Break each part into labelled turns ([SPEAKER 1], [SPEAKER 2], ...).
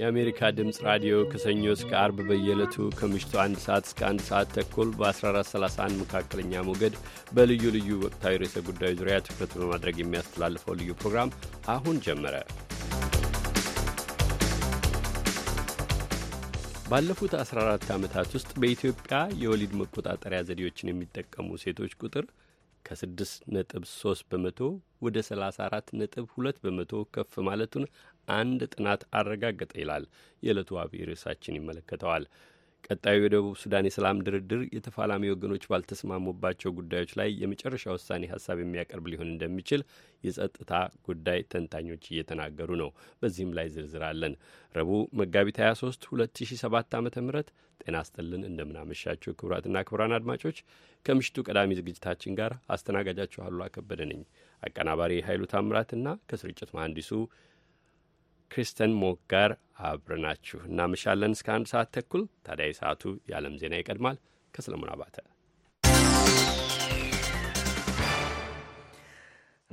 [SPEAKER 1] የአሜሪካ ድምፅ ራዲዮ ከሰኞ እስከ አርብ በየዕለቱ ከምሽቱ አንድ ሰዓት እስከ አንድ ሰዓት ተኩል በ1431 መካከለኛ ሞገድ በልዩ ልዩ ወቅታዊ ርዕሰ ጉዳዮች ዙሪያ ትኩረት በማድረግ የሚያስተላልፈው ልዩ ፕሮግራም አሁን ጀመረ። ባለፉት 14 ዓመታት ውስጥ በኢትዮጵያ የወሊድ መቆጣጠሪያ ዘዴዎችን የሚጠቀሙ ሴቶች ቁጥር ከ6 ነጥብ 3 በመቶ ወደ 34 ነጥብ 2 በመቶ ከፍ ማለቱን አንድ ጥናት አረጋገጠ ይላል የዕለቱ አብይ ርዕሳችን ይመለከተዋል። ቀጣዩ የደቡብ ሱዳን የሰላም ድርድር የተፋላሚ ወገኖች ባልተስማሙባቸው ጉዳዮች ላይ የመጨረሻ ውሳኔ ሀሳብ የሚያቀርብ ሊሆን እንደሚችል የጸጥታ ጉዳይ ተንታኞች እየተናገሩ ነው። በዚህም ላይ ዝርዝር አለን። ረቡዕ መጋቢት 23 2007 ዓ ም ጤና ስጥልን እንደምናመሻችሁ ክቡራትና ክቡራን አድማጮች ከምሽቱ ቀዳሚ ዝግጅታችን ጋር አስተናጋጃችሁ አሉላ ከበደ ነኝ። አቀናባሪ ኃይሉ ታምራትና ከስርጭት መሐንዲሱ ክሪስተን ሞክ ጋር አብረናችሁ እናመሻለን እስከ አንድ ሰዓት ተኩል። ታዲያ የሰዓቱ የዓለም ዜና ይቀድማል። ከሰለሞን አባተ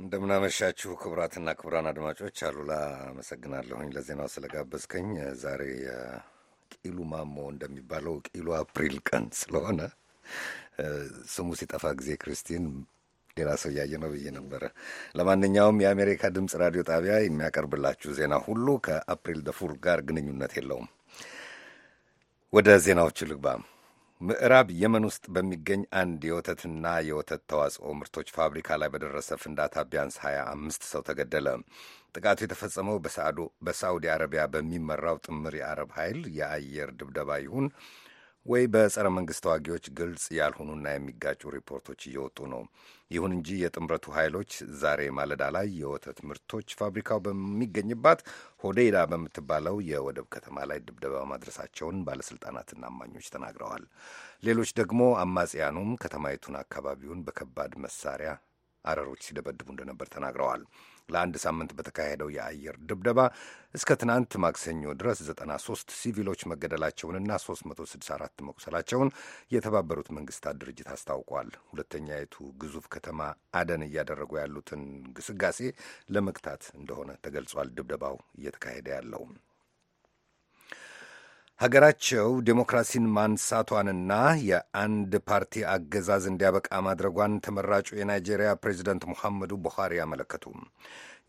[SPEAKER 2] እንደምናመሻችሁ ክቡራትና ክቡራን አድማጮች፣ አሉላ አመሰግናለሁኝ ለዜናው ስለጋበዝከኝ። ዛሬ ቂሉ ማሞ እንደሚባለው ቂሉ አፕሪል ቀን ስለሆነ ስሙ ሲጠፋ ጊዜ ክርስቲን ሌላ ሰው እያየ ነው ብዬ ነበረ። ለማንኛውም የአሜሪካ ድምፅ ራዲዮ ጣቢያ የሚያቀርብላችሁ ዜና ሁሉ ከአፕሪል ደፉር ጋር ግንኙነት የለውም። ወደ ዜናዎቹ ልግባ። ምዕራብ የመን ውስጥ በሚገኝ አንድ የወተትና የወተት ተዋጽኦ ምርቶች ፋብሪካ ላይ በደረሰ ፍንዳታ ቢያንስ 25 ሰው ተገደለ። ጥቃቱ የተፈጸመው በሳዑዲ አረቢያ በሚመራው ጥምር የአረብ ኃይል የአየር ድብደባ ይሁን ወይ በጸረ መንግሥት ተዋጊዎች ግልጽ ያልሆኑና የሚጋጩ ሪፖርቶች እየወጡ ነው። ይሁን እንጂ የጥምረቱ ኃይሎች ዛሬ ማለዳ ላይ የወተት ምርቶች ፋብሪካው በሚገኝባት ሆዴዳ በምትባለው የወደብ ከተማ ላይ ድብደባ ማድረሳቸውን ባለሥልጣናትና አማኞች ተናግረዋል። ሌሎች ደግሞ አማጽያኑም ከተማይቱን አካባቢውን በከባድ መሳሪያ አረሮች ሲደበድቡ እንደነበር ተናግረዋል። ለአንድ ሳምንት በተካሄደው የአየር ድብደባ እስከ ትናንት ማክሰኞ ድረስ 93 ሲቪሎች መገደላቸውንና 364 መቁሰላቸውን የተባበሩት መንግስታት ድርጅት አስታውቋል። ሁለተኛይቱ ግዙፍ ከተማ አደን እያደረጉ ያሉትን ግስጋሴ ለመግታት እንደሆነ ተገልጿል። ድብደባው እየተካሄደ ያለው ሀገራቸው ዴሞክራሲን ማንሳቷንና የአንድ ፓርቲ አገዛዝ እንዲያበቃ ማድረጓን ተመራጩ የናይጄሪያ ፕሬዚደንት ሙሐመዱ ቡኻሪ አመለከቱ።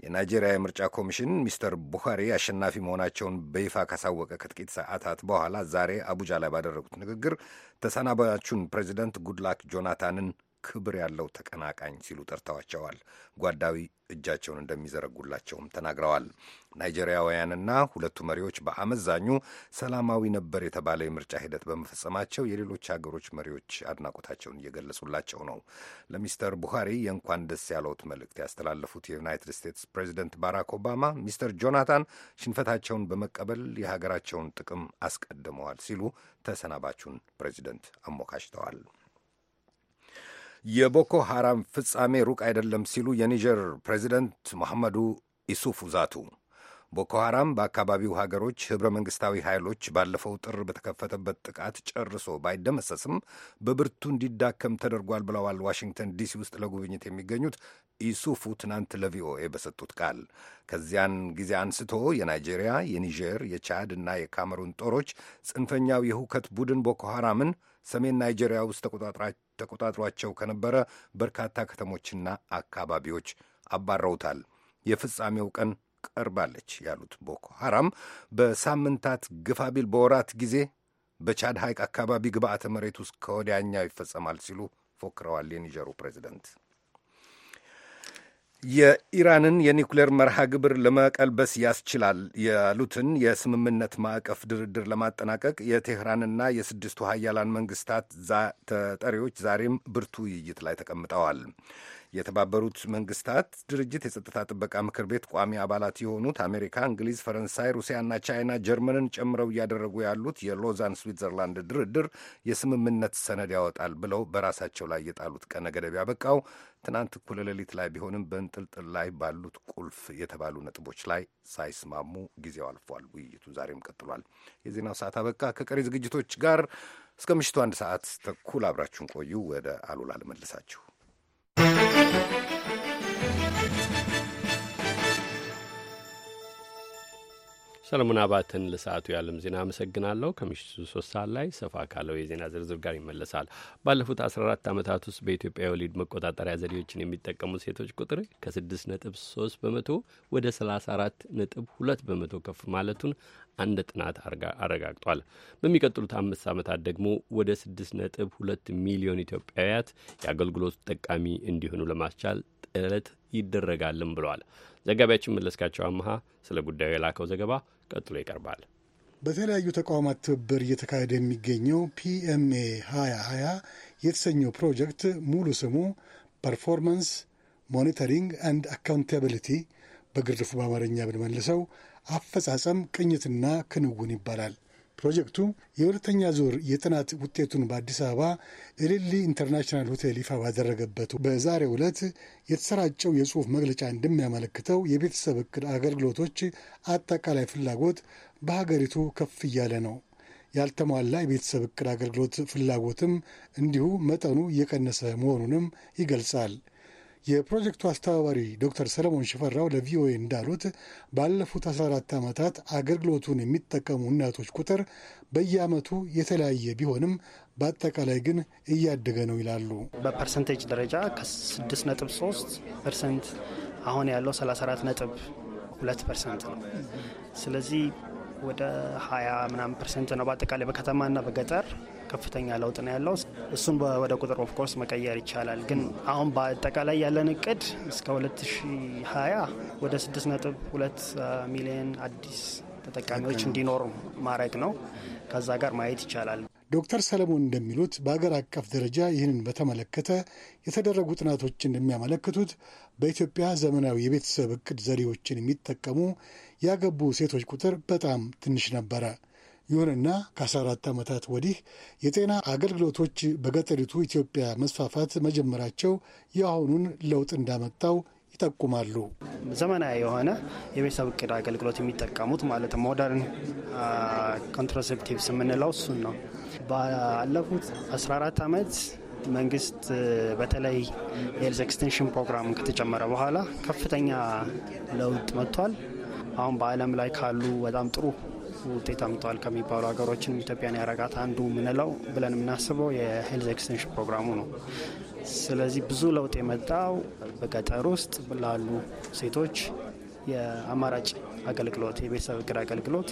[SPEAKER 2] የናይጄሪያ የምርጫ ኮሚሽን ሚስተር ቡኻሪ አሸናፊ መሆናቸውን በይፋ ካሳወቀ ከጥቂት ሰዓታት በኋላ ዛሬ አቡጃ ላይ ባደረጉት ንግግር ተሰናባቹን ፕሬዚደንት ጉድላክ ጆናታንን ክብር ያለው ተቀናቃኝ ሲሉ ጠርተዋቸዋል። ጓዳዊ እጃቸውን እንደሚዘረጉላቸውም ተናግረዋል። ናይጄሪያውያንና ሁለቱ መሪዎች በአመዛኙ ሰላማዊ ነበር የተባለ የምርጫ ሂደት በመፈጸማቸው የሌሎች ሀገሮች መሪዎች አድናቆታቸውን እየገለጹላቸው ነው። ለሚስተር ቡሃሪ የእንኳን ደስ ያለውት መልእክት ያስተላለፉት የዩናይትድ ስቴትስ ፕሬዚደንት ባራክ ኦባማ ሚስተር ጆናታን ሽንፈታቸውን በመቀበል የሀገራቸውን ጥቅም አስቀድመዋል ሲሉ ተሰናባቹን ፕሬዚደንት አሞካሽተዋል። የቦኮ ሐራም ፍጻሜ ሩቅ አይደለም ሲሉ የኒጀር ፕሬዚደንት መሐመዱ ኢሱፉ ዛቱ። ቦኮ ሐራም በአካባቢው ሀገሮች ኅብረ መንግሥታዊ ኃይሎች ባለፈው ጥር በተከፈተበት ጥቃት ጨርሶ ባይደመሰስም በብርቱ እንዲዳከም ተደርጓል ብለዋል። ዋሽንግተን ዲሲ ውስጥ ለጉብኝት የሚገኙት ኢሱፉ ትናንት ለቪኦኤ በሰጡት ቃል ከዚያን ጊዜ አንስቶ የናይጄሪያ፣ የኒጀር፣ የቻድ እና የካሜሩን ጦሮች ጽንፈኛው የሁከት ቡድን ቦኮ ሐራምን ሰሜን ናይጄሪያ ውስጥ ተቆጣጥሯቸው ከነበረ በርካታ ከተሞችና አካባቢዎች አባረውታል። የፍጻሜው ቀን ቀርባለች ያሉት ቦኮ ሐራም በሳምንታት ግፋቢል በወራት ጊዜ በቻድ ሐይቅ አካባቢ ግብዓተ መሬት ውስጥ ከወዲያኛው ይፈጸማል ሲሉ ፎክረዋል የኒጀሩ ፕሬዚደንት። የኢራንን የኒውክሌር መርሃ ግብር ለመቀልበስ ያስችላል ያሉትን የስምምነት ማዕቀፍ ድርድር ለማጠናቀቅ የቴህራንና የስድስቱ ሀያላን መንግስታት ተጠሪዎች ዛሬም ብርቱ ውይይት ላይ ተቀምጠዋል። የተባበሩት መንግስታት ድርጅት የጸጥታ ጥበቃ ምክር ቤት ቋሚ አባላት የሆኑት አሜሪካ፣ እንግሊዝ፣ ፈረንሳይ፣ ሩሲያና ቻይና ጀርመንን ጨምረው እያደረጉ ያሉት የሎዛን ስዊትዘርላንድ ድርድር የስምምነት ሰነድ ያወጣል ብለው በራሳቸው ላይ የጣሉት ቀነ ገደብ ያበቃው ትናንት እኩለ ሌሊት ላይ ቢሆንም በእንጥልጥል ላይ ባሉት ቁልፍ የተባሉ ነጥቦች ላይ ሳይስማሙ ጊዜው አልፏል። ውይይቱ ዛሬም ቀጥሏል። የዜናው ሰዓት አበቃ። ከቀሪ ዝግጅቶች ጋር እስከ ምሽቱ አንድ ሰዓት ተኩል አብራችሁን ቆዩ። ወደ አሉላ ልመልሳችሁ።
[SPEAKER 1] ሰለሞን አባትን ለሰዓቱ የዓለም ዜና አመሰግናለሁ። ከምሽቱ ሶስት ሰዓት ላይ ሰፋ ካለው የዜና ዝርዝር ጋር ይመለሳል። ባለፉት 14 ዓመታት ውስጥ በኢትዮጵያ የወሊድ መቆጣጠሪያ ዘዴዎችን የሚጠቀሙ ሴቶች ቁጥር ከ6 ነጥብ 3 በመቶ ወደ 34 ነጥብ 2 በመቶ ከፍ ማለቱን አንድ ጥናት አረጋግጧል። በሚቀጥሉት አምስት ዓመታት ደግሞ ወደ ስድስት ነጥብ ሁለት ሚሊዮን ኢትዮጵያውያት የአገልግሎት ተጠቃሚ እንዲሆኑ ለማስቻል ጥረት ይደረጋልም ብለዋል። ዘጋቢያችን መለስካቸው አመሃ ስለ ጉዳዩ የላከው ዘገባ ቀጥሎ ይቀርባል።
[SPEAKER 3] በተለያዩ ተቋማት ትብብር እየተካሄደ የሚገኘው ፒኤምኤ 2020 የተሰኘው ፕሮጀክት ሙሉ ስሙ ፐርፎርማንስ ሞኒተሪንግ አንድ አካውንታቢሊቲ በግርድፉ በአማርኛ ብንመልሰው አፈጻጸም ቅኝትና ክንውን ይባላል። ፕሮጀክቱ የሁለተኛ ዙር የጥናት ውጤቱን በአዲስ አበባ ኤሌሊ ኢንተርናሽናል ሆቴል ይፋ ባደረገበት በዛሬ ዕለት የተሰራጨው የጽሑፍ መግለጫ እንደሚያመለክተው የቤተሰብ እቅድ አገልግሎቶች አጠቃላይ ፍላጎት በሀገሪቱ ከፍ እያለ ነው። ያልተሟላ የቤተሰብ እቅድ አገልግሎት ፍላጎትም እንዲሁ መጠኑ እየቀነሰ መሆኑንም ይገልጻል። የፕሮጀክቱ አስተባባሪ ዶክተር ሰለሞን ሽፈራው ለቪኦኤ እንዳሉት ባለፉት 14 ዓመታት አገልግሎቱን የሚጠቀሙ እናቶች ቁጥር በየዓመቱ የተለያየ ቢሆንም በአጠቃላይ ግን እያደገ ነው ይላሉ።
[SPEAKER 4] በፐርሰንቴጅ ደረጃ ከ6.3 ፐርሰንት አሁን ያለው 34 34.2 ፐርሰንት ነው። ስለዚህ ወደ 20 ምናምን ፐርሰንት ነው በአጠቃላይ በከተማና በገጠር ከፍተኛ ለውጥ ነው ያለው። እሱን ወደ ቁጥር ኦፍኮርስ መቀየር ይቻላል፣ ግን አሁን በአጠቃላይ ያለን እቅድ እስከ 2020 ወደ 6.2 ሚሊዮን አዲስ ተጠቃሚዎች እንዲኖሩ ማድረግ ነው። ከዛ ጋር ማየት ይቻላል።
[SPEAKER 3] ዶክተር ሰለሞን እንደሚሉት በአገር አቀፍ ደረጃ ይህንን በተመለከተ የተደረጉ ጥናቶች እንደሚያመለክቱት በኢትዮጵያ ዘመናዊ የቤተሰብ እቅድ ዘዴዎችን የሚጠቀሙ ያገቡ ሴቶች ቁጥር በጣም ትንሽ ነበረ። ይሁንና ከ14 ዓመታት ወዲህ የጤና አገልግሎቶች በገጠሪቱ ኢትዮጵያ መስፋፋት መጀመራቸው የአሁኑን ለውጥ እንዳመጣው ይጠቁማሉ።
[SPEAKER 4] ዘመናዊ የሆነ የቤተሰብ እቅድ አገልግሎት የሚጠቀሙት ማለት ሞደርን ኮንትራሴፕቲቭስ የምንለው እሱን ነው። ባለፉት 14 ዓመት መንግስት በተለይ የኤልዝ ኤክስቴንሽን ፕሮግራም ከተጨመረ በኋላ ከፍተኛ ለውጥ መጥቷል። አሁን በዓለም ላይ ካሉ በጣም ጥሩ ውጤት አምጠዋል ከሚባሉ ሀገሮችንም ኢትዮጵያን ያረጋት አንዱ የምንለው ብለን የምናስበው የሄልዝ ኤክስቴንሽን ፕሮግራሙ ነው። ስለዚህ ብዙ ለውጥ የመጣው በገጠር ውስጥ ላሉ ሴቶች የአማራጭ አገልግሎት የቤተሰብ እቅድ አገልግሎት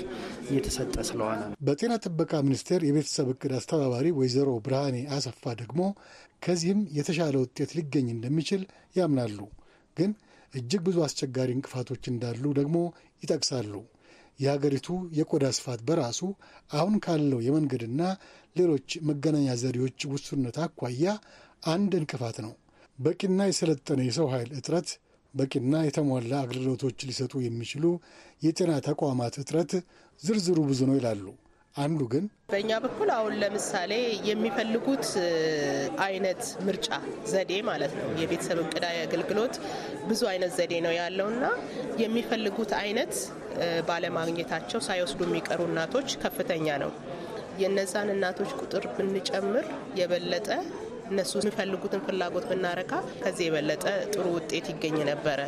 [SPEAKER 4] እየተሰጠ ስለሆነ ነው።
[SPEAKER 3] በጤና ጥበቃ ሚኒስቴር የቤተሰብ እቅድ አስተባባሪ ወይዘሮ ብርሃኔ አሰፋ ደግሞ ከዚህም የተሻለ ውጤት ሊገኝ እንደሚችል ያምናሉ። ግን እጅግ ብዙ አስቸጋሪ እንቅፋቶች እንዳሉ ደግሞ ይጠቅሳሉ። የሀገሪቱ የቆዳ ስፋት በራሱ አሁን ካለው የመንገድና ሌሎች መገናኛ ዘዴዎች ውሱነት አኳያ አንድ እንቅፋት ነው። በቂና የሰለጠነ የሰው ኃይል እጥረት፣ በቂና የተሟላ አገልግሎቶች ሊሰጡ የሚችሉ የጤና ተቋማት እጥረት ዝርዝሩ ብዙ ነው ይላሉ አንዱ ግን
[SPEAKER 5] በእኛ በኩል አሁን ለምሳሌ የሚፈልጉት አይነት ምርጫ ዘዴ ማለት ነው። የቤተሰብ እቅድ አገልግሎት ብዙ አይነት ዘዴ ነው ያለው ና የሚፈልጉት አይነት ባለማግኘታቸው ሳይወስዱ የሚቀሩ እናቶች ከፍተኛ ነው። የእነዛን እናቶች ቁጥር ብንጨምር የበለጠ እነሱ የሚፈልጉትን ፍላጎት ብናረካ ከዚህ የበለጠ ጥሩ ውጤት ይገኝ ነበረ።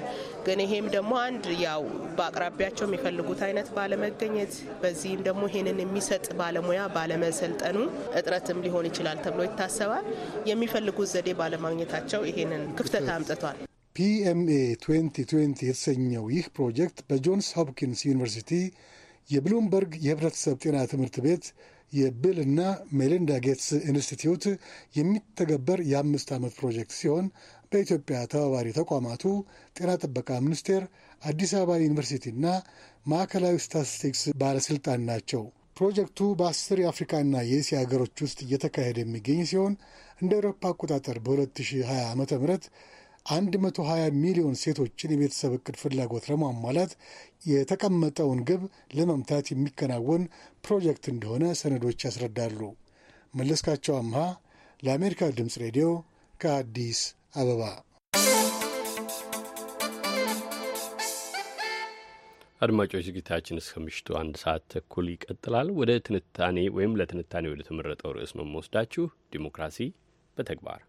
[SPEAKER 5] ግን ይሄም ደግሞ አንድ ያው በአቅራቢያቸው የሚፈልጉት አይነት ባለመገኘት፣ በዚህም ደግሞ ይሄንን የሚሰጥ ባለሙያ ባለመሰልጠኑ እጥረትም ሊሆን ይችላል ተብሎ ይታሰባል። የሚፈልጉት ዘዴ ባለማግኘታቸው ይሄንን ክፍተት አምጥቷል።
[SPEAKER 3] ፒኤምኤ 2020 የተሰኘው ይህ ፕሮጀክት በጆንስ ሆፕኪንስ ዩኒቨርሲቲ የብሉምበርግ የህብረተሰብ ጤና ትምህርት ቤት የቢልና ሜሊንዳ ጌትስ ኢንስቲትዩት የሚተገበር የአምስት ዓመት ፕሮጀክት ሲሆን በኢትዮጵያ ተባባሪ ተቋማቱ ጤና ጥበቃ ሚኒስቴር፣ አዲስ አበባ ዩኒቨርሲቲና ማዕከላዊ ስታቲስቲክስ ባለሥልጣን ናቸው። ፕሮጀክቱ በአስር የአፍሪካና የእስያ ሀገሮች ውስጥ እየተካሄደ የሚገኝ ሲሆን እንደ አውሮፓ አቆጣጠር በ2020 ዓ ም 120 ሚሊዮን ሴቶችን የቤተሰብ እቅድ ፍላጎት ለማሟላት የተቀመጠውን ግብ ለመምታት የሚከናወን ፕሮጀክት እንደሆነ ሰነዶች ያስረዳሉ። መለስካቸው አምሃ ለአሜሪካ ድምፅ ሬዲዮ ከአዲስ አበባ።
[SPEAKER 1] አድማጮች ዝግጅታችን እስከ ምሽቱ አንድ ሰዓት ተኩል ይቀጥላል። ወደ ትንታኔ ወይም ለትንታኔ ወደ ተመረጠው ርዕስ ነው ዲሞክራሲ በተግባር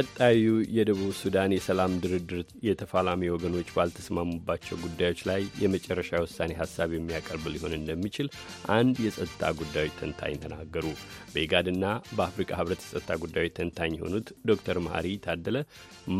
[SPEAKER 1] ቀጣዩ የደቡብ ሱዳን የሰላም ድርድር የተፋላሚ ወገኖች ባልተስማሙባቸው ጉዳዮች ላይ የመጨረሻ ውሳኔ ሀሳብ የሚያቀርብ ሊሆን እንደሚችል አንድ የጸጥታ ጉዳዮች ተንታኝ ተናገሩ። በኢጋድና በአፍሪካ ህብረት የጸጥታ ጉዳዮች ተንታኝ የሆኑት ዶክተር መሀሪ ታደለ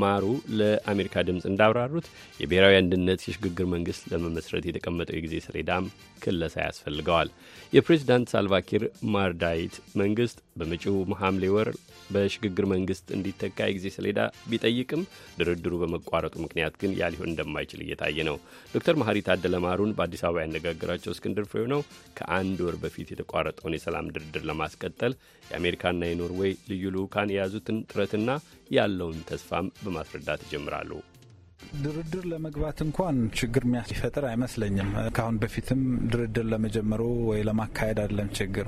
[SPEAKER 1] ማሩ ለአሜሪካ ድምፅ እንዳብራሩት የብሔራዊ አንድነት የሽግግር መንግስት ለመመስረት የተቀመጠው የጊዜ ሰሌዳም ክለሳ ያስፈልገዋል። የፕሬዚዳንት ሳልቫኪር ማርዳይት መንግስት በመጪው ሐምሌ ወር በሽግግር መንግስት እንዲተካ የጊዜ ሰሌዳ ቢጠይቅም ድርድሩ በመቋረጡ ምክንያት ግን ያ ሊሆን እንደማይችል እየታየ ነው። ዶክተር መሐሪ ታደለ ማሩን በአዲስ አበባ ያነጋገራቸው እስክንድር ፍሬው ነው። ከአንድ ወር በፊት የተቋረጠውን የሰላም ድርድር ለማስቀጠል የአሜሪካና የኖርዌይ ልዩ ልዑካን የያዙትን ጥረትና ያለውን ተስፋም በማስረዳት ይጀምራሉ።
[SPEAKER 3] ድርድር
[SPEAKER 6] ለመግባት እንኳን ችግር የሚፈጥር አይመስለኝም። ከአሁን በፊትም ድርድር ለመጀመሩ ወይ ለማካሄድ አይደለም ችግሩ፣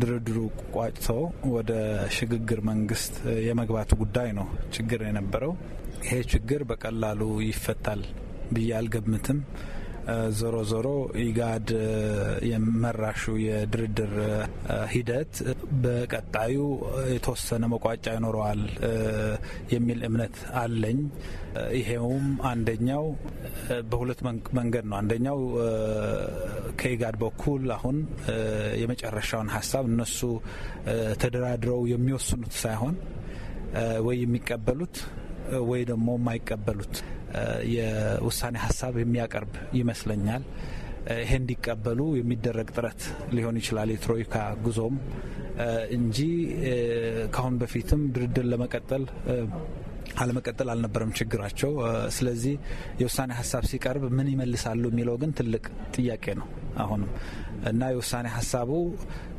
[SPEAKER 6] ድርድሩ ቋጭቶ ወደ ሽግግር መንግስት የመግባቱ ጉዳይ ነው ችግር የነበረው። ይሄ ችግር በቀላሉ ይፈታል ብዬ አልገምትም። ዞሮ ዞሮ ኢጋድ የመራሹ የድርድር ሂደት በቀጣዩ የተወሰነ መቋጫ ይኖረዋል የሚል እምነት አለኝ። ይሄውም አንደኛው በሁለት መንገድ ነው። አንደኛው ከኢጋድ በኩል አሁን የመጨረሻውን ሀሳብ እነሱ ተደራድረው የሚወስኑት ሳይሆን ወይ የሚቀበሉት ወይ ደግሞ የማይቀበሉት የውሳኔ ሀሳብ የሚያቀርብ ይመስለኛል። ይሄ እንዲቀበሉ የሚደረግ ጥረት ሊሆን ይችላል የትሮይካ ጉዞም እንጂ ካሁን በፊትም ድርድር ለመቀጠል አለመቀጠል አልነበረም ችግራቸው። ስለዚህ የውሳኔ ሀሳብ ሲቀርብ ምን ይመልሳሉ የሚለው ግን ትልቅ ጥያቄ ነው አሁንም እና የውሳኔ ሀሳቡ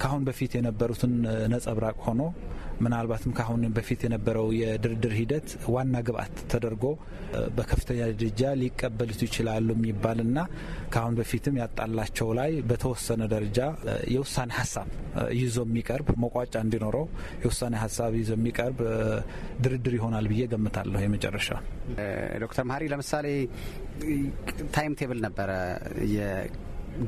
[SPEAKER 6] ካሁን በፊት የነበሩትን ነጸብራቅ ሆኖ ምናልባትም ከአሁን በፊት የነበረው የድርድር ሂደት ዋና ግብአት ተደርጎ በከፍተኛ ደረጃ ሊቀበሉት ይችላሉ የሚባልና ከአሁን በፊትም ያጣላቸው ላይ በተወሰነ ደረጃ የውሳኔ ሀሳብ ይዞ የሚቀርብ መቋጫ እንዲኖረው የውሳኔ ሀሳብ ይዞ የሚቀርብ ድርድር ይሆናል ብዬ ገምታለሁ። የመጨረሻ
[SPEAKER 5] ዶክተር መሀሪ ለምሳሌ ታይም ቴብል ነበረ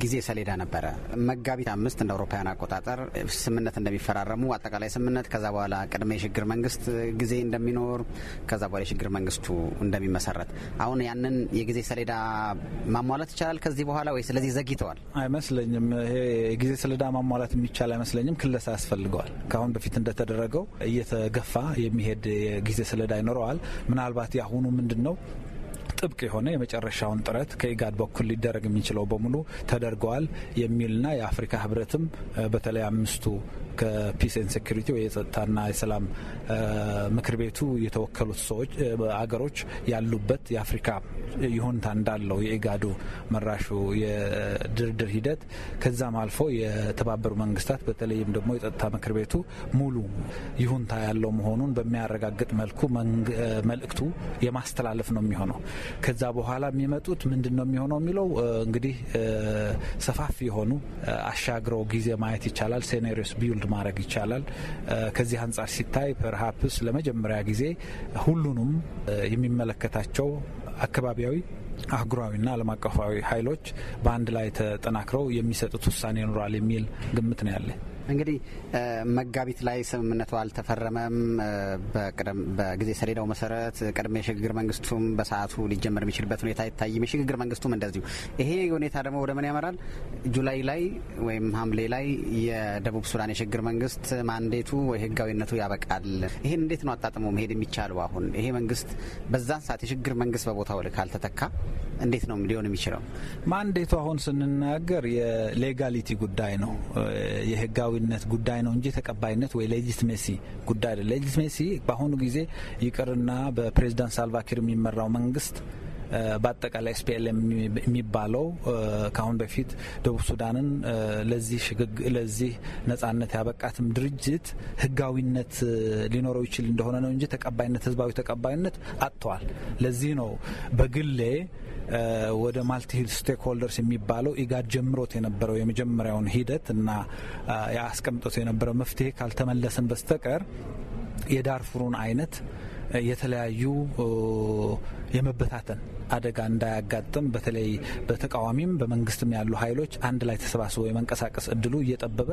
[SPEAKER 5] ጊዜ ሰሌዳ ነበረ። መጋቢት አምስት እንደ አውሮፓውያን አቆጣጠር ስምምነት እንደሚፈራረሙ አጠቃላይ ስምምነት፣ ከዛ በኋላ ቅድመ የሽግግር መንግስት ጊዜ እንደሚኖር፣ ከዛ በኋላ የሽግግር መንግስቱ እንደሚመሰረት። አሁን ያንን የጊዜ ሰሌዳ ማሟላት ይቻላል ከዚህ በኋላ ወይ? ስለዚህ ዘግይተዋል
[SPEAKER 6] አይመስለኝም። ይሄ የጊዜ ሰሌዳ ማሟላት የሚቻል አይመስለኝም። ክለሳ ያስፈልገዋል። ከአሁን በፊት እንደተደረገው እየተገፋ የሚሄድ የጊዜ ሰሌዳ ይኖረዋል። ምናልባት የአሁኑ ምንድን ነው ጥብቅ የሆነ የመጨረሻውን ጥረት ከኢጋድ በኩል ሊደረግ የሚችለው በሙሉ ተደርገዋል የሚልና የአፍሪካ ህብረትም በተለይ አምስቱ ከፒስ ኤን ሴኩሪቲ ወይ የጸጥታና የሰላም ምክር ቤቱ የተወከሉት ሰዎች አገሮች ያሉበት የአፍሪካ ይሁንታ እንዳለው የኢጋዱ መራሹ የድርድር ሂደት ከዛም አልፎ የተባበሩ መንግስታት በተለይም ደግሞ የጸጥታ ምክር ቤቱ ሙሉ ይሁንታ ያለው መሆኑን በሚያረጋግጥ መልኩ መልእክቱ የማስተላለፍ ነው የሚሆነው። ከዛ በኋላ የሚመጡት ምንድን ነው የሚሆነው የሚለው እንግዲህ ሰፋፊ የሆኑ አሻግረው ጊዜ ማየት ይቻላል ሴኔሪዮስ ቢውልድ ማድረግ ይቻላል። ከዚህ አንጻር ሲታይ ፐርሃፕስ ለመጀመሪያ ጊዜ ሁሉንም የሚመለከታቸው አካባቢያዊ አህጉራዊና ዓለም አቀፋዊ ኃይሎች በአንድ ላይ ተጠናክረው የሚሰጡት ውሳኔ ይኖራል የሚል ግምት ነው ያለ
[SPEAKER 5] እንግዲህ መጋቢት ላይ ስምምነቱ አልተፈረመም። በጊዜ ሰሌዳው መሰረት ቅድመ የሽግግር መንግስቱም በሰዓቱ ሊጀመር የሚችልበት ሁኔታ አይታይም። የሽግግር መንግስቱም እንደዚሁ። ይሄ ሁኔታ ደግሞ ወደ ምን ያመራል? ጁላይ ላይ ወይም ሐምሌ ላይ የደቡብ ሱዳን የሽግግር መንግስት ማንዴቱ ወይ ህጋዊነቱ ያበቃል። ይሄን እንዴት ነው አጣጥሞ መሄድ የሚቻለው? አሁን ይሄ መንግስት በዛን ሰዓት የሽግግር መንግስት በቦታው ልክ አልተተካ
[SPEAKER 6] እንዴት ነው ሊሆን የሚችለው? ማንዴቱ አሁን ስንናገር የሌጋሊቲ ጉዳይ ነው የህጋዊ ህጋዊነት ጉዳይ ነው እንጂ ተቀባይነት ወይ ሌጂትሜሲ ጉዳይ አይደለም። ሌጂትሜሲ በአሁኑ ጊዜ ይቅርና በፕሬዚዳንት ሳልቫኪር የሚመራው መንግስት በአጠቃላይ ኤስፒኤልኤም የሚባለው ከአሁን በፊት ደቡብ ሱዳንን ለዚህ ለዚህ ነጻነት ያበቃትም ድርጅት ህጋዊነት ሊኖረው ይችል እንደሆነ ነው እንጂ ተቀባይነት ህዝባዊ ተቀባይነት አጥተዋል። ለዚህ ነው በግሌ ወደ ማልቲሂል ስቴክሆልደርስ የሚባለው ኢጋድ ጀምሮት የነበረው የመጀመሪያውን ሂደት እና ያስቀምጦት የነበረው መፍትሄ ካልተመለሰን በስተቀር የዳርፉሩን አይነት የተለያዩ የመበታተን አደጋ እንዳያጋጥም በተለይ በተቃዋሚም በመንግስትም ያሉ ኃይሎች አንድ ላይ ተሰባስበው የመንቀሳቀስ እድሉ እየጠበበ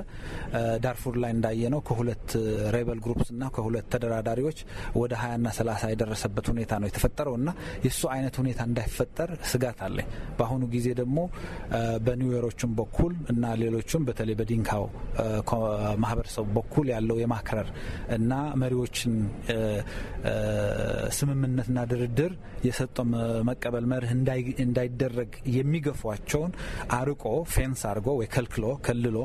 [SPEAKER 6] ዳርፉር ላይ እንዳየነው ከሁለት ሬበል ግሩፕስና ከሁለት ተደራዳሪዎች ወደ ሀያና ሰላሳ የደረሰበት ሁኔታ ነው የተፈጠረው እና የእሱ አይነት ሁኔታ እንዳይፈጠር ስጋት አለኝ። በአሁኑ ጊዜ ደግሞ በኒውዮሮቹም በኩል እና ሌሎችም በተለይ በዲንካው ማህበረሰቡ በኩል ያለው የማክረር እና መሪዎችን ስምምነትና ድርድር የሰጠው መቀበል መርህ እንዳይደረግ የሚገፏቸውን አርቆ ፌንስ አድርጎ ወይ ከልክሎ ከልሎ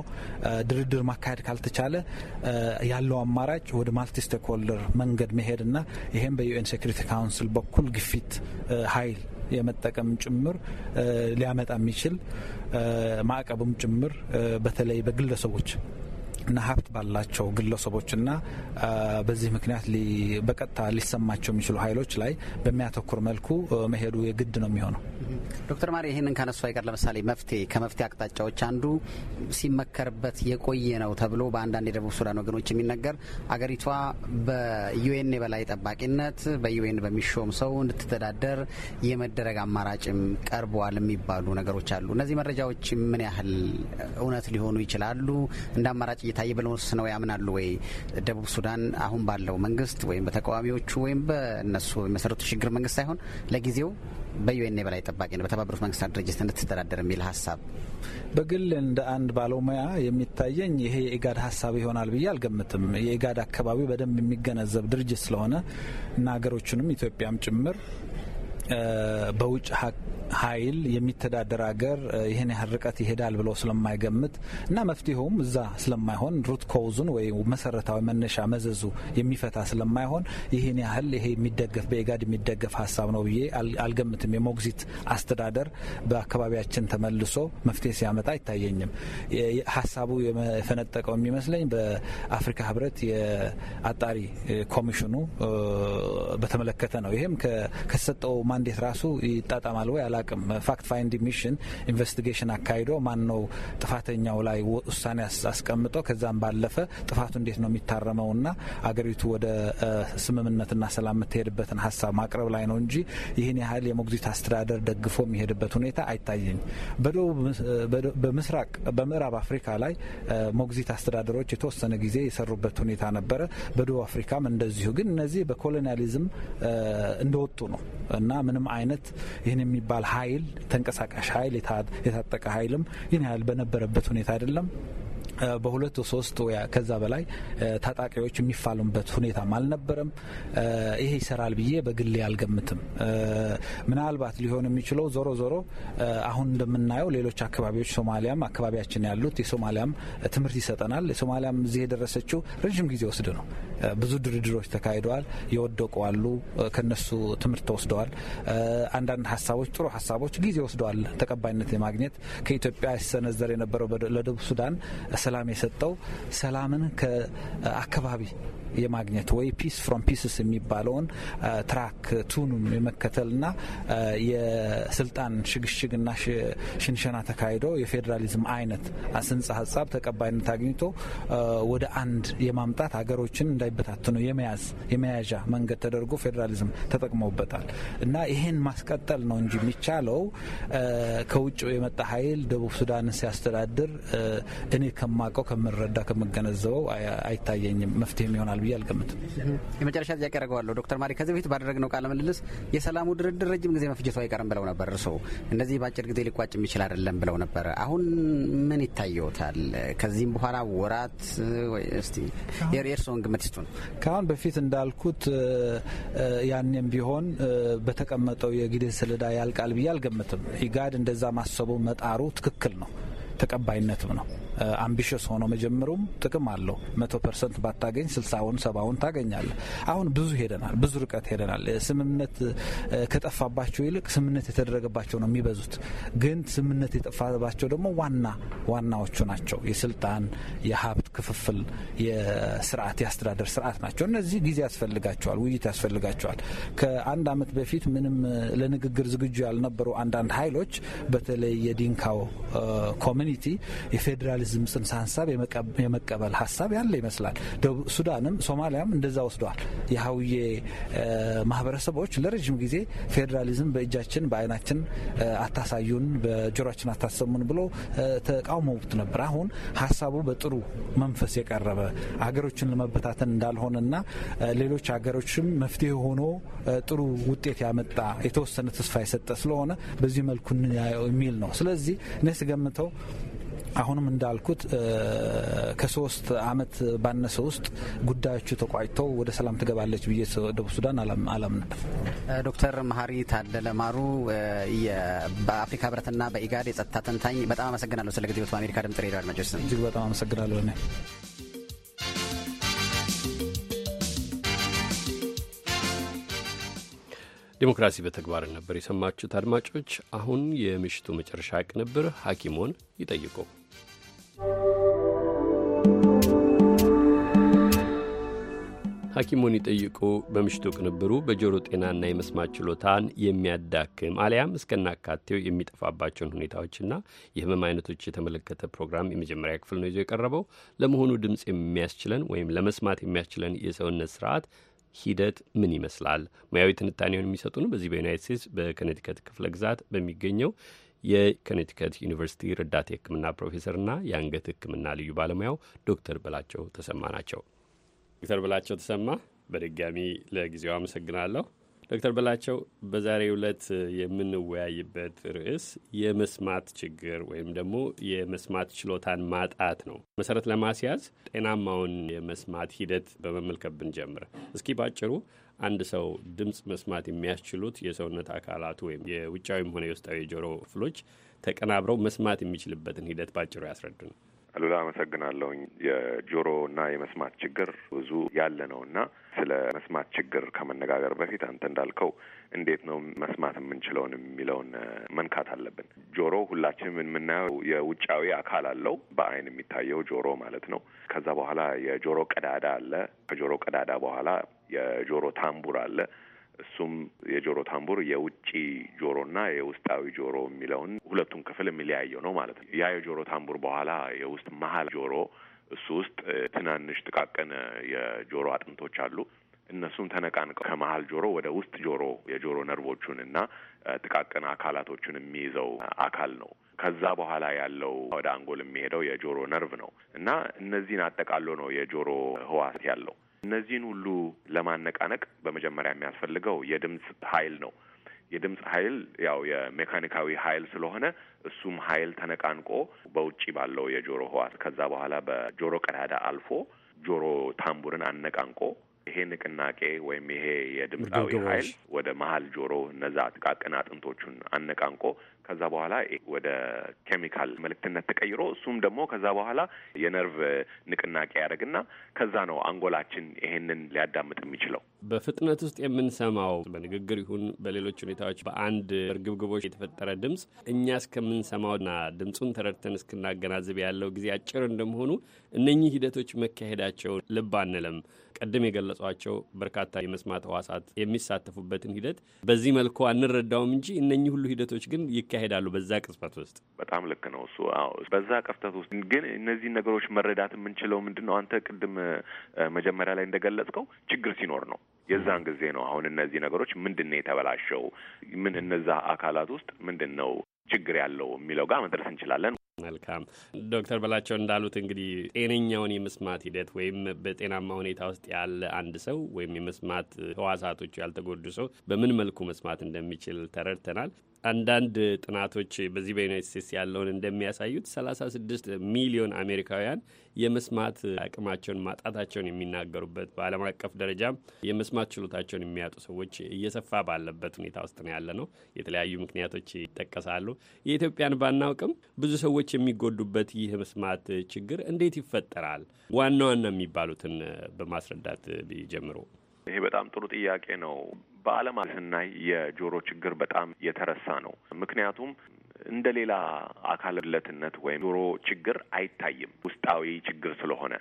[SPEAKER 6] ድርድር ማካሄድ ካልተቻለ ያለው አማራጭ ወደ ማልቲ ስቴክሆልደር መንገድ መሄድና ይሄም በዩኤን ሴኩሪቲ ካውንስል በኩል ግፊት ኃይል የመጠቀም ጭምር ሊያመጣ የሚችል ማዕቀብም ጭምር በተለይ በግለሰቦች እና ሀብት ባላቸው ግለሰቦችና በዚህ ምክንያት በቀጥታ ሊሰማቸው የሚችሉ ኃይሎች ላይ በሚያተኩር መልኩ መሄዱ የግድ ነው የሚሆነው።
[SPEAKER 5] ዶክተር ማሪ ይህንን ካነሱ አይቀር ለምሳሌ መፍትሄ ከመፍትሄ አቅጣጫዎች አንዱ ሲመከርበት የቆየ ነው ተብሎ በአንዳንድ የደቡብ ሱዳን ወገኖች የሚነገር አገሪቷ በዩኤን የበላይ ጠባቂነት በዩኤን በሚሾም ሰው እንድትተዳደር የመደረግ አማራጭም ቀርበዋል የሚባሉ ነገሮች አሉ። እነዚህ መረጃዎች ምን ያህል እውነት ሊሆኑ ይችላሉ? እንደ አማራጭ ታዬ ብለው ነው ያምናሉ ወይ? ደቡብ ሱዳን አሁን ባለው መንግስት ወይም በተቃዋሚዎቹ ወይም በእነሱ የመሰረቱ ሽግግር መንግስት ሳይሆን ለጊዜው በዩኤን በላይ ጠባቂ ነው በተባበሩት መንግስታት ድርጅት እንድትተዳደር የሚል ሀሳብ
[SPEAKER 6] በግል እንደ አንድ ባለሙያ የሚታየኝ ይሄ የኢጋድ ሀሳብ ይሆናል ብዬ አልገምትም። የኢጋድ አካባቢ በደንብ የሚገነዘብ ድርጅት ስለሆነ እና ሀገሮቹንም ኢትዮጵያም ጭምር በውጭ ኃይል የሚተዳደር ሀገር ይህን ያህል ርቀት ይሄዳል ብሎ ስለማይገምት እና መፍትሄውም እዛ ስለማይሆን ሩት ኮውዙን ወይ መሰረታዊ መነሻ መዘዙ የሚፈታ ስለማይሆን ይህን ያህል ይሄ የሚደገፍ በኤጋድ የሚደገፍ ሀሳብ ነው ብዬ አልገምትም። የሞግዚት አስተዳደር በአካባቢያችን ተመልሶ መፍትሄ ሲያመጣ አይታየኝም። ሀሳቡ የፈነጠቀው የሚመስለኝ በአፍሪካ ህብረት የአጣሪ ኮሚሽኑ በተመለከተ ነው። ይህም ከሰጠው እንዴት ራሱ ይጣጣማል ወይ አላቅም። ፋክት ፋይንድ ሚሽን ኢንቨስቲጌሽን አካሂዶ ማን ነው ጥፋተኛው ላይ ውሳኔ አስቀምጦ ከዛም ባለፈ ጥፋቱ እንዴት ነው የሚታረመው ና አገሪቱ ወደ ስምምነትና ሰላም የምትሄድበትን ሀሳብ ማቅረብ ላይ ነው እንጂ ይህን ያህል የሞግዚት አስተዳደር ደግፎ የሚሄድበት ሁኔታ አይታየኝ። በምስራቅ በምዕራብ አፍሪካ ላይ ሞግዚት አስተዳደሮች የተወሰነ ጊዜ የሰሩበት ሁኔታ ነበረ። በደቡብ አፍሪካም እንደዚሁ። ግን እነዚህ በኮሎኒያሊዝም እንደወጡ ነው እና ምንም አይነት ይህን የሚባል ኃይል ተንቀሳቃሽ ኃይል የታጠቀ ኃይልም ይህን ያህል በነበረበት ሁኔታ አይደለም። በሁለት ሶስት ከዛ በላይ ታጣቂዎች የሚፋሉበት ሁኔታም አልነበረም። ይሄ ይሰራል ብዬ በግሌ አልገምትም። ምናልባት ሊሆን የሚችለው ዞሮ ዞሮ አሁን እንደምናየው ሌሎች አካባቢዎች ሶማሊያም አካባቢያችን ያሉት የሶማሊያም ትምህርት ይሰጠናል። የሶማሊያም እዚህ የደረሰችው ረዥም ጊዜ ወስድ ነው። ብዙ ድርድሮች ተካሂደዋል። የወደቁ አሉ፣ ከነሱ ትምህርት ተወስደዋል። አንዳንድ ሀሳቦች፣ ጥሩ ሀሳቦች ጊዜ ወስደዋል ተቀባይነት የማግኘት ከኢትዮጵያ ሲሰነዘር የነበረው ለደቡብ ሱዳን ሰላም የሰጠው ሰላምን ከአካባቢ የማግኘት ወይ ፒስ ፍሮም ፒስስ የሚባለውን ትራክ ቱኑን የመከተልና የስልጣን ሽግሽግና ሽንሸና ተካሂዶ የፌዴራሊዝም አይነት አስንጻ ሀሳብ ተቀባይነት አግኝቶ ወደ አንድ የማምጣት ሀገሮችን እንዳይበታትኑ የመያዝ የመያዣ መንገድ ተደርጎ ፌዴራሊዝም ተጠቅመውበታል እና ይሄን ማስቀጠል ነው እንጂ የሚቻለው ከውጭ የመጣ ኃይል ደቡብ ሱዳንን ሲያስተዳድር እኔ ከማ ከማውቀው ከምረዳ ከምገነዘበው አይታየኝም መፍትሄም ይሆናል ብዬ አልገምትም።
[SPEAKER 5] የመጨረሻ ጥያቄ ያደርገዋለሁ። ዶክተር ማሪ ከዚህ በፊት ባደረግነው ቃለ ምልልስ የሰላሙ ድርድር ረጅም ጊዜ መፍጀቱ አይቀርም ብለው ነበር። እርስዎ እንደዚህ በአጭር ጊዜ ሊቋጭ የሚችል አይደለም ብለው ነበር። አሁን ምን ይታየዎታል?
[SPEAKER 6] ከዚህም በኋላ ወራት የእርስዎን ግምት ነው። ከአሁን በፊት እንዳልኩት ያኔም ቢሆን በተቀመጠው የጊዜ ሰሌዳ ያልቃል ብዬ አልገምትም። ኢጋድ እንደዛ ማሰቡ መጣሩ ትክክል ነው፣ ተቀባይነትም ነው። አምቢሽስ ሆኖ መጀመሩም ጥቅም አለው። መቶ ፐርሰንት ባታገኝ ስልሳውን ሰባውን ታገኛለ። አሁን ብዙ ሄደናል፣ ብዙ ርቀት ሄደናል። ስምምነት ከጠፋባቸው ይልቅ ስምምነት የተደረገባቸው ነው የሚበዙት። ግን ስምምነት የጠፋባቸው ደግሞ ዋና ዋናዎቹ ናቸው የስልጣን የሀብት ክፍፍል የስርዓት የአስተዳደር ስርዓት ናቸው። እነዚህ ጊዜ ያስፈልጋቸዋል፣ ውይይት ያስፈልጋቸዋል። ከአንድ አመት በፊት ምንም ለንግግር ዝግጁ ያልነበሩ አንዳንድ ኃይሎች በተለይ የዲንካው ኮሚኒቲ የፌዴራሊዝም ጽንሰ ሀሳብ የመቀበል ሀሳብ ያለ ይመስላል። ደቡብ ሱዳንም ሶማሊያም እንደዛ ወስደዋል። የሀውዬ ማህበረሰቦች ለረዥም ጊዜ ፌዴራሊዝም በእጃችን በአይናችን አታሳዩን፣ በጆሮችን አታሰሙን ብሎ ተቃውሞት ነበር። አሁን ሀሳቡ በጥሩ መንፈስ የቀረበ ሀገሮችን ለመበታተን እንዳልሆነና ሌሎች ሀገሮችም መፍትሄ ሆኖ ጥሩ ውጤት ያመጣ የተወሰነ ተስፋ የሰጠ ስለሆነ በዚህ መልኩ የሚል ነው። ስለዚህ እኔ ስገምተው አሁንም እንዳልኩት ከሶስት አመት ባነሰ ውስጥ ጉዳዮቹ ተቋጭተው ወደ ሰላም ትገባለች ብዬ ደቡብ ሱዳን አላምንም።
[SPEAKER 5] ዶክተር መሀሪ ታደለ ማሩ በአፍሪካ ህብረትና በኢጋድ የጸጥታ ተንታኝ፣ በጣም አመሰግናለሁ ስለ ጊዜዎት። በአሜሪካ ድምጽ ሬዲዮ አድማጮች ስም እጅግ በጣም
[SPEAKER 6] አመሰግናለሁ።
[SPEAKER 1] ዴሞክራሲ በተግባር ነበር የሰማችሁት አድማጮች። አሁን የምሽቱ መጨረሻ ቅንብር ሐኪሞን ይጠይቁ ሐኪሙን ይጠይቁ በምሽቱ ቅንብሩ በጆሮ ጤናና የመስማት ችሎታን የሚያዳክም አሊያም እስከናካቴው የሚጠፋባቸውን ሁኔታዎችና የህመም አይነቶች የተመለከተ ፕሮግራም የመጀመሪያ ክፍል ነው ይዞ የቀረበው። ለመሆኑ ድምፅ የሚያስችለን ወይም ለመስማት የሚያስችለን የሰውነት ስርዓት ሂደት ምን ይመስላል? ሙያዊ ትንታኔውን የሚሰጡን በዚህ በዩናይት ስቴትስ በኮኔቲከት ክፍለ ግዛት በሚገኘው የኮኔቲከት ዩኒቨርሲቲ ረዳት የሕክምና ፕሮፌሰርና የአንገት ሕክምና ልዩ ባለሙያው ዶክተር በላቸው ተሰማ ናቸው። ዶክተር በላቸው ተሰማ በድጋሚ ለጊዜው አመሰግናለሁ። ዶክተር በላቸው በዛሬ ዕለት የምንወያይበት ርዕስ የመስማት ችግር ወይም ደግሞ የመስማት ችሎታን ማጣት ነው። መሰረት ለማስያዝ ጤናማውን የመስማት ሂደት በመመልከት ብንጀምር እስኪ ባጭሩ አንድ ሰው ድምፅ መስማት የሚያስችሉት የሰውነት አካላቱ ወይም የውጫዊም ሆነ የውስጣዊ የጆሮ ክፍሎች ተቀናብረው መስማት የሚችልበትን ሂደት ባጭሩ ያስረዱን። አሉላ
[SPEAKER 7] አመሰግናለሁኝ። የጆሮና የመስማት ችግር ብዙ ያለ ነው እና ስለ መስማት ችግር ከመነጋገር በፊት አንተ እንዳልከው እንዴት ነው መስማት የምንችለውን የሚለውን መንካት አለብን። ጆሮ ሁላችንም የምናየው የውጫዊ አካል አለው፣ በአይን የሚታየው ጆሮ ማለት ነው። ከዛ በኋላ የጆሮ ቀዳዳ አለ። ከጆሮ ቀዳዳ በኋላ የጆሮ ታምቡር አለ። እሱም የጆሮ ታምቡር የውጭ ጆሮና የውስጣዊ ጆሮ የሚለውን ሁለቱን ክፍል የሚለያየው ነው ማለት ነው። ያ የጆሮ ታምቡር በኋላ የውስጥ መሀል ጆሮ እሱ ውስጥ ትናንሽ ጥቃቅን የጆሮ አጥንቶች አሉ። እነሱም ተነቃንቀው ከመሀል ጆሮ ወደ ውስጥ ጆሮ የጆሮ ነርቮቹን እና ጥቃቅን አካላቶቹን የሚይዘው አካል ነው። ከዛ በኋላ ያለው ወደ አንጎል የሚሄደው የጆሮ ነርቭ ነው እና እነዚህን አጠቃሎ ነው የጆሮ ህዋስ ያለው። እነዚህን ሁሉ ለማነቃነቅ በመጀመሪያ የሚያስፈልገው የድምፅ ኃይል ነው። የድምፅ ኃይል ያው የሜካኒካዊ ኃይል ስለሆነ እሱም ኃይል ተነቃንቆ በውጪ ባለው የጆሮ ህዋስ ከዛ በኋላ በጆሮ ቀዳዳ አልፎ ጆሮ ታምቡርን አነቃንቆ ይሄ ንቅናቄ ወይም ይሄ የድምፃዊ ኃይል ወደ መሀል ጆሮ እነዛ ጥቃቅን አጥንቶቹን አነቃንቆ ከዛ በኋላ ወደ ኬሚካል መልእክትነት ተቀይሮ እሱም ደግሞ ከዛ በኋላ የነርቭ ንቅናቄ ያደርግና ከዛ ነው አንጎላችን ይሄንን ሊያዳምጥ የሚችለው።
[SPEAKER 1] በፍጥነት ውስጥ የምንሰማው በንግግር ይሁን በሌሎች ሁኔታዎች በአንድ እርግብግቦች የተፈጠረ ድምፅ እኛ እስከምንሰማውና ድምፁን ተረድተን እስክናገናዝብ ያለው ጊዜ አጭር እንደመሆኑ እነኚህ ሂደቶች መካሄዳቸውን ልብ አንለም ቀደም የገለጿቸው በርካታ የመስማት ህዋሳት የሚሳተፉበትን ሂደት በዚህ መልኩ አንረዳውም እንጂ እነኚህ ሁሉ ሂደቶች ግን ይካ ይካሄዳሉ በዛ ቅጽበት ውስጥ። በጣም ልክ ነው
[SPEAKER 7] እሱ። አዎ በዛ
[SPEAKER 1] ቅጽበት ውስጥ ግን እነዚህ ነገሮች
[SPEAKER 7] መረዳት የምንችለው ምንድን ነው? አንተ ቅድም መጀመሪያ ላይ እንደገለጽከው ችግር ሲኖር ነው። የዛን ጊዜ ነው አሁን እነዚህ ነገሮች ምንድን ነው የተበላሸው፣ ምን እነዛ አካላት ውስጥ ምንድን ነው ችግር ያለው የሚለው ጋር መድረስ እንችላለን።
[SPEAKER 1] መልካም ዶክተር በላቸው እንዳሉት እንግዲህ ጤነኛውን የመስማት ሂደት ወይም በጤናማ ሁኔታ ውስጥ ያለ አንድ ሰው ወይም የመስማት ህዋሳቶቹ ያልተጎዱ ሰው በምን መልኩ መስማት እንደሚችል ተረድተናል። አንዳንድ ጥናቶች በዚህ በዩናይት ስቴትስ ያለውን እንደሚያሳዩት 36 ሚሊዮን አሜሪካውያን የመስማት አቅማቸውን ማጣታቸውን የሚናገሩበት በዓለም አቀፍ ደረጃም የመስማት ችሎታቸውን የሚያጡ ሰዎች እየሰፋ ባለበት ሁኔታ ውስጥ ነው ያለ ነው። የተለያዩ ምክንያቶች ይጠቀሳሉ። የኢትዮጵያን ባናውቅም ብዙ ሰዎች የሚጎዱበት ይህ መስማት ችግር እንዴት ይፈጠራል? ዋና ዋና የሚባሉትን በማስረዳት ቢጀምሩ። ይሄ በጣም
[SPEAKER 7] ጥሩ ጥያቄ ነው። በዓለም ስናይ የጆሮ ችግር በጣም የተረሳ ነው። ምክንያቱም እንደ ሌላ አካል ወይም ጆሮ ችግር አይታይም ውስጣዊ ችግር ስለሆነ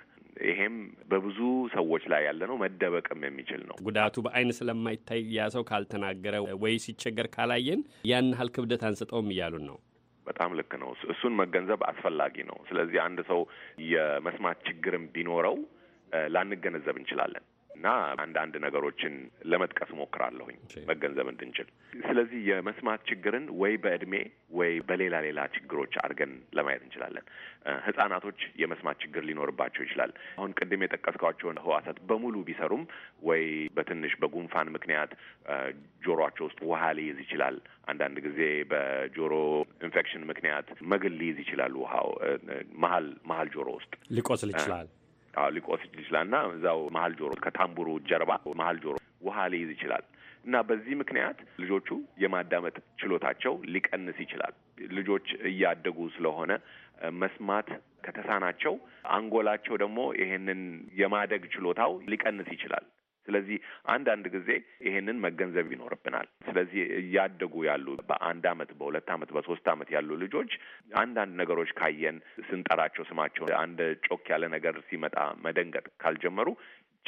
[SPEAKER 7] ይሄም በብዙ ሰዎች ላይ ያለ ነው። መደበቅም የሚችል ነው።
[SPEAKER 1] ጉዳቱ በአይን ስለማይታይ ያ ሰው ካልተናገረ ወይ ሲቸገር ካላየን ያን ያህል ክብደት አንስጠውም እያሉን ነው።
[SPEAKER 7] በጣም ልክ ነው። እሱን መገንዘብ አስፈላጊ ነው። ስለዚህ አንድ ሰው የመስማት ችግርም ቢኖረው ላንገነዘብ እንችላለን። እና አንዳንድ ነገሮችን ለመጥቀስ ሞክራለሁኝ መገንዘብ እንድንችል። ስለዚህ የመስማት ችግርን ወይ በእድሜ ወይ በሌላ ሌላ ችግሮች አድርገን ለማየት እንችላለን። ህጻናቶች የመስማት ችግር ሊኖርባቸው ይችላል። አሁን ቅድም የጠቀስኳቸውን ህዋሳት በሙሉ ቢሰሩም ወይ በትንሽ በጉንፋን ምክንያት ጆሮቸው ውስጥ ውሃ ሊይዝ ይችላል። አንዳንድ ጊዜ በጆሮ ኢንፌክሽን ምክንያት መግል ሊይዝ ይችላል። ውሃው መሀል መሀል ጆሮ ውስጥ ሊቆስል ይችላል። ሊቆስድ ይችላል እና እዛው መሀል ጆሮ ከታምቡሩ ጀርባ መሀል ጆሮ ውሃ ሊይዝ ይችላል እና በዚህ ምክንያት ልጆቹ የማዳመጥ ችሎታቸው ሊቀንስ ይችላል። ልጆች እያደጉ ስለሆነ መስማት ከተሳናቸው አንጎላቸው ደግሞ ይሄንን የማደግ ችሎታው ሊቀንስ ይችላል። ስለዚህ አንዳንድ ጊዜ ይሄንን መገንዘብ ይኖርብናል። ስለዚህ እያደጉ ያሉ በአንድ አመት፣ በሁለት አመት፣ በሶስት አመት ያሉ ልጆች አንዳንድ ነገሮች ካየን ስንጠራቸው ስማቸው አንድ ጮክ ያለ ነገር ሲመጣ መደንገጥ ካልጀመሩ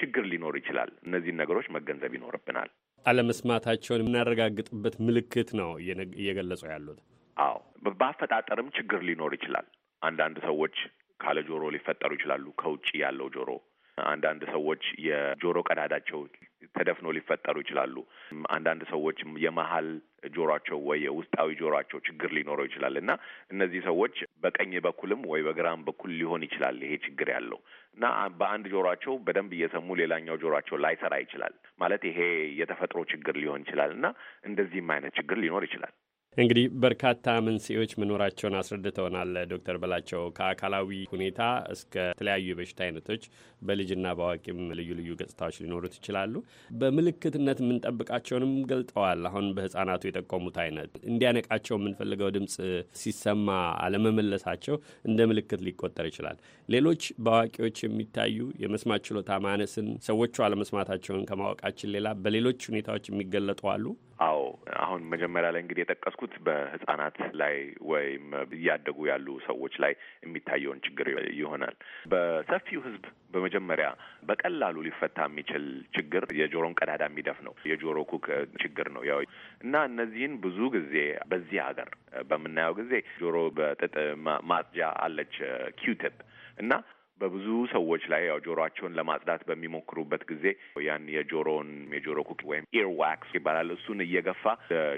[SPEAKER 7] ችግር ሊኖር ይችላል። እነዚህን ነገሮች መገንዘብ
[SPEAKER 1] ይኖርብናል። አለመስማታቸውን የምናረጋግጥበት ምልክት ነው እየገለጹ ያሉት።
[SPEAKER 7] አዎ በአፈጣጠርም ችግር ሊኖር ይችላል። አንዳንድ ሰዎች ካለ ጆሮ ሊፈጠሩ ይችላሉ። ከውጭ ያለው ጆሮ አንዳንድ ሰዎች የጆሮ ቀዳዳቸው ተደፍኖ ሊፈጠሩ ይችላሉ። አንዳንድ ሰዎች የመሀል ጆሯቸው ወይ የውስጣዊ ጆሯቸው ችግር ሊኖረው ይችላል እና እነዚህ ሰዎች በቀኝ በኩልም ወይ በግራም በኩል ሊሆን ይችላል ይሄ ችግር ያለው እና በአንድ ጆሯቸው በደንብ እየሰሙ ሌላኛው ጆሯቸው ላይሰራ ይችላል። ማለት ይሄ የተፈጥሮ ችግር ሊሆን ይችላል እና እንደዚህም አይነት ችግር ሊኖር ይችላል።
[SPEAKER 1] እንግዲህ በርካታ መንስኤዎች መኖራቸውን አስረድተውናል ዶክተር በላቸው ከአካላዊ ሁኔታ እስከ ተለያዩ የበሽታ አይነቶች በልጅና በአዋቂም ልዩ ልዩ ገጽታዎች ሊኖሩት ይችላሉ። በምልክትነት የምንጠብቃቸውንም ገልጠዋል። አሁን በህጻናቱ የጠቆሙት አይነት እንዲያነቃቸው የምንፈልገው ድምፅ ሲሰማ አለመመለሳቸው እንደ ምልክት ሊቆጠር ይችላል። ሌሎች በአዋቂዎች የሚታዩ የመስማት ችሎታ ማነስን ሰዎቹ አለመስማታቸውን ከማወቃችን ሌላ በሌሎች ሁኔታዎች የሚገለጡ አሉ።
[SPEAKER 7] አዎ አሁን መጀመሪያ ላይ እንግዲህ የጠቀስኩት በህጻናት ላይ ወይም እያደጉ ያሉ ሰዎች ላይ የሚታየውን ችግር ይሆናል። በሰፊው ህዝብ በመጀመሪያ በቀላሉ ሊፈታ የሚችል ችግር የጆሮን ቀዳዳ የሚደፍ ነው፣ የጆሮ ኩክ ችግር ነው ያው እና እነዚህን ብዙ ጊዜ በዚህ ሀገር በምናየው ጊዜ ጆሮ በጥጥ ማጽጃ አለች ኪዩቲፕ እና በብዙ ሰዎች ላይ ያው ጆሮአቸውን ለማጽዳት በሚሞክሩበት ጊዜ ያን የጆሮን የጆሮ ኩኪ ወይም ኢርዋክስ ይባላል እሱን እየገፋ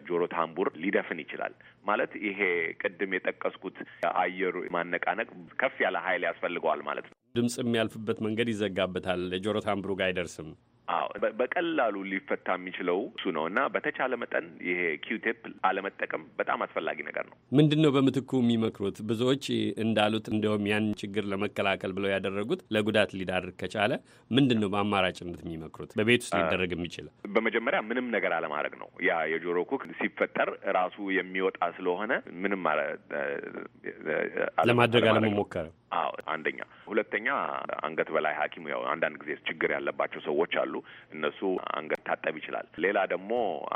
[SPEAKER 7] ጆሮ ታምቡር ሊደፍን ይችላል። ማለት ይሄ ቅድም የጠቀስኩት አየሩ ማነቃነቅ ከፍ ያለ ኃይል ያስፈልገዋል ማለት ነው።
[SPEAKER 1] ድምፅ የሚያልፍበት መንገድ ይዘጋበታል። የጆሮ ታምቡሩ ጋር አይደርስም።
[SPEAKER 7] አዎ በቀላሉ ሊፈታ የሚችለው እሱ ነው እና በተቻለ መጠን ይሄ ኪውቴፕ አለመጠቀም በጣም አስፈላጊ
[SPEAKER 1] ነገር ነው። ምንድን ነው በምትኩ የሚመክሩት? ብዙዎች እንዳሉት እንደውም ያን ችግር ለመከላከል ብለው ያደረጉት ለጉዳት ሊዳርግ ከቻለ ምንድን ነው በአማራጭነት የሚመክሩት? በቤት ውስጥ ሊደረግ የሚችል
[SPEAKER 7] በመጀመሪያ ምንም ነገር አለማድረግ ነው። ያ የጆሮ ኩክ ሲፈጠር ራሱ የሚወጣ ስለሆነ ምንም ለማድረግ አለመሞከር አዎ አንደኛ። ሁለተኛ አንገት በላይ ሐኪም ያው አንዳንድ ጊዜ ችግር ያለባቸው ሰዎች አሉ። እነሱ አንገት ታጠብ ይችላል። ሌላ ደግሞ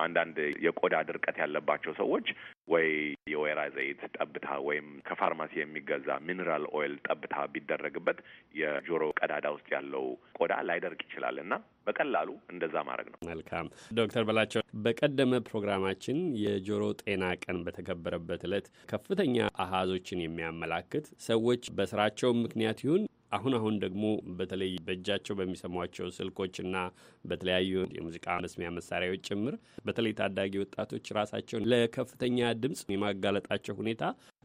[SPEAKER 7] አንዳንድ የቆዳ ድርቀት ያለባቸው ሰዎች ወይ የወይራ ዘይት ጠብታ ወይም ከፋርማሲ የሚገዛ ሚኒራል ኦይል ጠብታ ቢደረግበት የጆሮ ቀዳዳ ውስጥ ያለው ቆዳ ላይደርቅ ይችላል እና በቀላሉ እንደዛ ማድረግ ነው።
[SPEAKER 1] መልካም ዶክተር በላቸው በቀደመ ፕሮግራማችን የጆሮ ጤና ቀን በተከበረበት ዕለት ከፍተኛ አሃዞችን የሚያመላክት ሰዎች በስራቸው ምክንያት ይሁን አሁን አሁን ደግሞ በተለይ በእጃቸው በሚሰሟቸው ስልኮች እና በተለያዩ የሙዚቃ መስሚያ መሳሪያዎች ጭምር በተለይ ታዳጊ ወጣቶች ራሳቸውን ለከፍተኛ ድምፅ የማጋለጣቸው ሁኔታ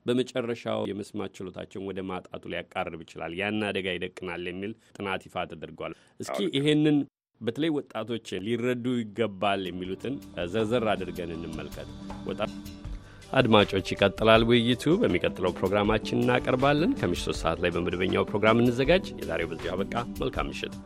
[SPEAKER 1] በመጨረሻው የመስማት ችሎታቸውን ወደ ማጣቱ ሊያቃርብ ይችላል፣ ያን አደጋ ይደቅናል የሚል ጥናት ይፋ ተደርጓል። እስኪ ይሄንን በተለይ ወጣቶች ሊረዱ ይገባል የሚሉትን ዘርዘር አድርገን እንመልከት። ወጣት አድማጮች ይቀጥላል ውይይቱ። በሚቀጥለው ፕሮግራማችን እናቀርባለን። ከምሽቱ ሰዓት ላይ በመደበኛው ፕሮግራም እንዘጋጅ። የዛሬው በዚሁ አበቃ። መልካም ምሽት።